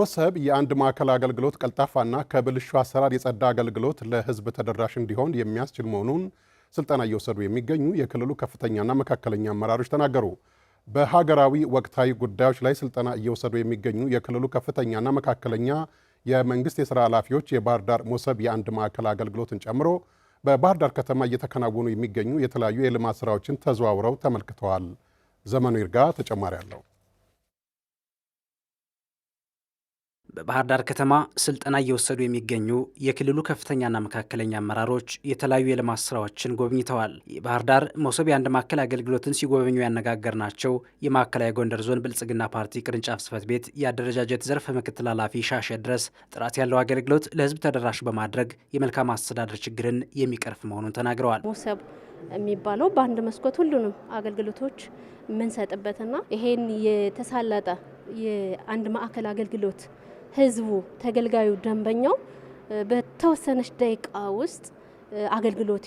ሶሰብ የአንድ ማዕከል አገልግሎት ቀልጣፋና ከብልሹ አሰራር የጸዳ አገልግሎት ለህዝብ ተደራሽ እንዲሆን የሚያስችል መሆኑን ስልጠና እየወሰዱ የሚገኙ የክልሉ ከፍተኛና መካከለኛ አመራሮች ተናገሩ። በሀገራዊ ወቅታዊ ጉዳዮች ላይ ስልጠና እየወሰዱ የሚገኙ የክልሉ ከፍተኛና መካከለኛ የመንግስት የሥራ ኃላፊዎች የባህር ዳር ሞሰብ የአንድ ማዕከል አገልግሎትን ጨምሮ በባህር ዳር ከተማ እየተከናወኑ የሚገኙ የተለያዩ የልማት ስራዎችን ተዘዋውረው ተመልክተዋል። ዘመኑ ይርጋ ተጨማሪ አለው። በባህር ዳር ከተማ ስልጠና እየወሰዱ የሚገኙ የክልሉ ከፍተኛና መካከለኛ አመራሮች የተለያዩ የልማት ስራዎችን ጎብኝተዋል። የባህር ዳር መሶብ የአንድ ማዕከል አገልግሎትን ሲጎበኙ ያነጋገርናቸው የማዕከላዊ ጎንደር ዞን ብልጽግና ፓርቲ ቅርንጫፍ ጽሕፈት ቤት የአደረጃጀት ዘርፍ ምክትል ኃላፊ ሻሸ ድረስ ጥራት ያለው አገልግሎት ለህዝብ ተደራሽ በማድረግ የመልካም አስተዳደር ችግርን የሚቀርፍ መሆኑን ተናግረዋል። መሶብ የሚባለው በአንድ መስኮት ሁሉንም አገልግሎቶች የምንሰጥበትና ይሄን የተሳለጠ የአንድ ማዕከል አገልግሎት ህዝቡ፣ ተገልጋዩ፣ ደንበኛው በተወሰነች ደቂቃ ውስጥ አገልግሎት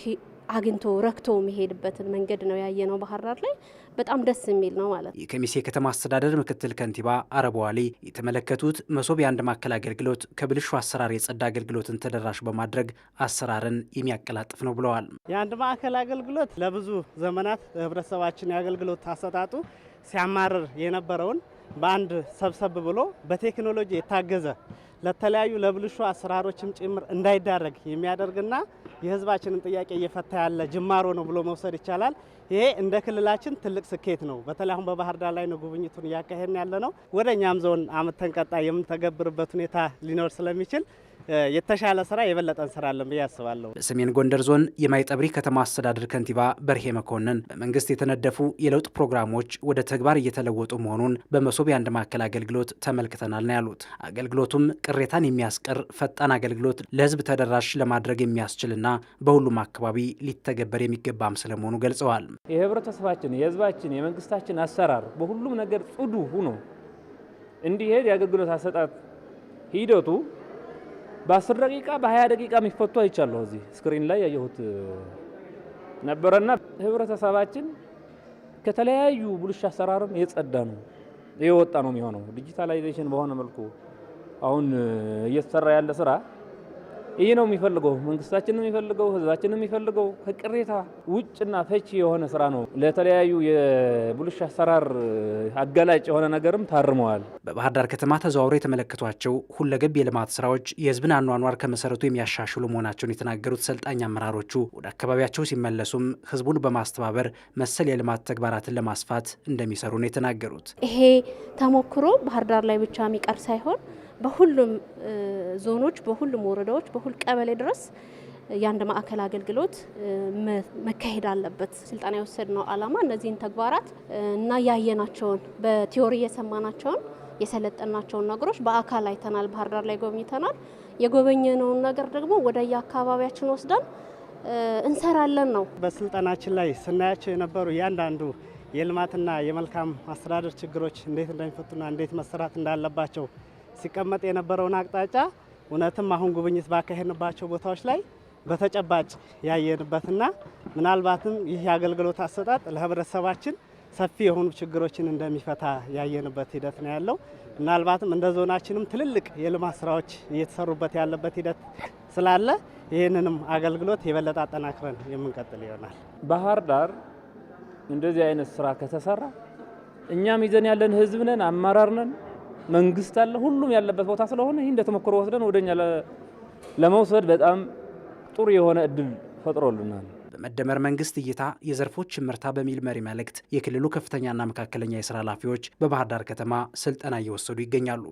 አግኝቶ ረክቶ የሚሄድበትን መንገድ ነው ያየነው። ባህር ዳር ላይ በጣም ደስ የሚል ነው ማለት ነው። የከሚሴ ከተማ አስተዳደር ምክትል ከንቲባ አረብ የተመለከቱት መሶብ የአንድ ማዕከል አገልግሎት ከብልሹ አሰራር የጸዳ አገልግሎትን ተደራሽ በማድረግ አሰራርን የሚያቀላጥፍ ነው ብለዋል። የአንድ ማዕከል አገልግሎት ለብዙ ዘመናት ህብረተሰባችን የአገልግሎት አሰጣጡ ሲያማርር የነበረውን በአንድ ሰብሰብ ብሎ በቴክኖሎጂ የታገዘ ለተለያዩ ለብልሹ አሰራሮችም ጭምር እንዳይዳረግ የሚያደርግና የህዝባችንን ጥያቄ እየፈታ ያለ ጅማሮ ነው ብሎ መውሰድ ይቻላል። ይሄ እንደ ክልላችን ትልቅ ስኬት ነው። በተለይ አሁን በባህር ዳር ላይ ነው ጉብኝቱን እያካሄድን ያለ ነው። ወደ እኛም ዞን አመት ቀጣይ የምንተገብርበት ሁኔታ ሊኖር ስለሚችል የተሻለ ስራ የበለጠን ስራ ለን ብዬ አስባለሁ። በሰሜን ጎንደር ዞን የማይጠብሪ ከተማ አስተዳደር ከንቲባ በርሄ መኮንን በመንግስት የተነደፉ የለውጥ ፕሮግራሞች ወደ ተግባር እየተለወጡ መሆኑን በመሶብ የአንድ ማዕከል አገልግሎት ተመልክተናል ነው ያሉት። አገልግሎቱም ቅሬታን የሚያስቀር ፈጣን አገልግሎት ለህዝብ ተደራሽ ለማድረግ የሚያስችልና በሁሉም አካባቢ ሊተገበር የሚገባም ስለመሆኑ ገልጸዋል። የህብረተሰባችን፣ የህዝባችን፣ የመንግስታችን አሰራር በሁሉም ነገር ጽዱ ሁኖ እንዲሄድ የአገልግሎት አሰጣጥ ሂደቱ በአስር ደቂቃ በሀያ ደቂቃ የሚፈቱ አይቻለሁ። እዚህ ስክሪን ላይ ያየሁት ነበረና ህብረተሰባችን ከተለያዩ ብልሹ አሰራርም የጸዳ ነው የወጣ ነው የሚሆነው ዲጂታላይዜሽን በሆነ መልኩ አሁን እየተሰራ ያለ ስራ ይህ ነው የሚፈልገው፣ መንግስታችን የሚፈልገው፣ ህዝባችን የሚፈልገው። ከቅሬታ ውጭና ፈቺ የሆነ ስራ ነው። ለተለያዩ የብልሹ አሰራር አጋላጭ የሆነ ነገርም ታርመዋል። በባህር ዳር ከተማ ተዘዋውሮ የተመለከቷቸው ሁለገብ የልማት ስራዎች የህዝብን አኗኗር ከመሰረቱ የሚያሻሽሉ መሆናቸውን የተናገሩት ሰልጣኝ አመራሮቹ ወደ አካባቢያቸው ሲመለሱም ህዝቡን በማስተባበር መሰል የልማት ተግባራትን ለማስፋት እንደሚሰሩ ነው የተናገሩት። ይሄ ተሞክሮ ባህር ዳር ላይ ብቻ የሚቀር ሳይሆን በሁሉም ዞኖች፣ በሁሉም ወረዳዎች፣ በሁሉ ቀበሌ ድረስ የአንድ ማዕከል አገልግሎት መካሄድ አለበት። ስልጠና የወሰድነው ዓላማ እነዚህን ተግባራት እና ያየናቸውን በቲዎሪ የሰማናቸውን የሰለጠናቸውን ነገሮች በአካል አይተናል። ባህር ዳር ላይ ጎብኝተናል። የጎበኘነውን ነገር ደግሞ ወደየ አካባቢያችን ወስደን እንሰራለን ነው። በስልጠናችን ላይ ስናያቸው የነበሩ እያንዳንዱ የልማትና የመልካም አስተዳደር ችግሮች እንዴት እንደሚፈቱና እንዴት መሰራት እንዳለባቸው ሲቀመጥ የነበረውን አቅጣጫ እውነትም አሁን ጉብኝት ባካሄድንባቸው ቦታዎች ላይ በተጨባጭ ያየንበትና ምናልባትም ይህ የአገልግሎት አሰጣጥ ለህብረተሰባችን ሰፊ የሆኑ ችግሮችን እንደሚፈታ ያየንበት ሂደት ነው ያለው። ምናልባትም እንደ ዞናችንም ትልልቅ የልማት ስራዎች እየተሰሩበት ያለበት ሂደት ስላለ ይህንንም አገልግሎት የበለጠ አጠናክረን የምንቀጥል ይሆናል። ባህር ዳር እንደዚህ አይነት ስራ ከተሰራ እኛም ይዘን ያለን ህዝብ ነን፣ አመራር ነን መንግስት አለ፣ ሁሉም ያለበት ቦታ ስለሆነ ይህ እንደተሞክሮ ወስደን ወደኛ ለመውሰድ በጣም ጥሩ የሆነ እድል ፈጥሮልናል። በመደመር መንግስት እይታ የዘርፎች ምርታ በሚል መሪ መልእክት የክልሉ ከፍተኛና መካከለኛ የስራ ኃላፊዎች በባህር ዳር ከተማ ስልጠና እየወሰዱ ይገኛሉ።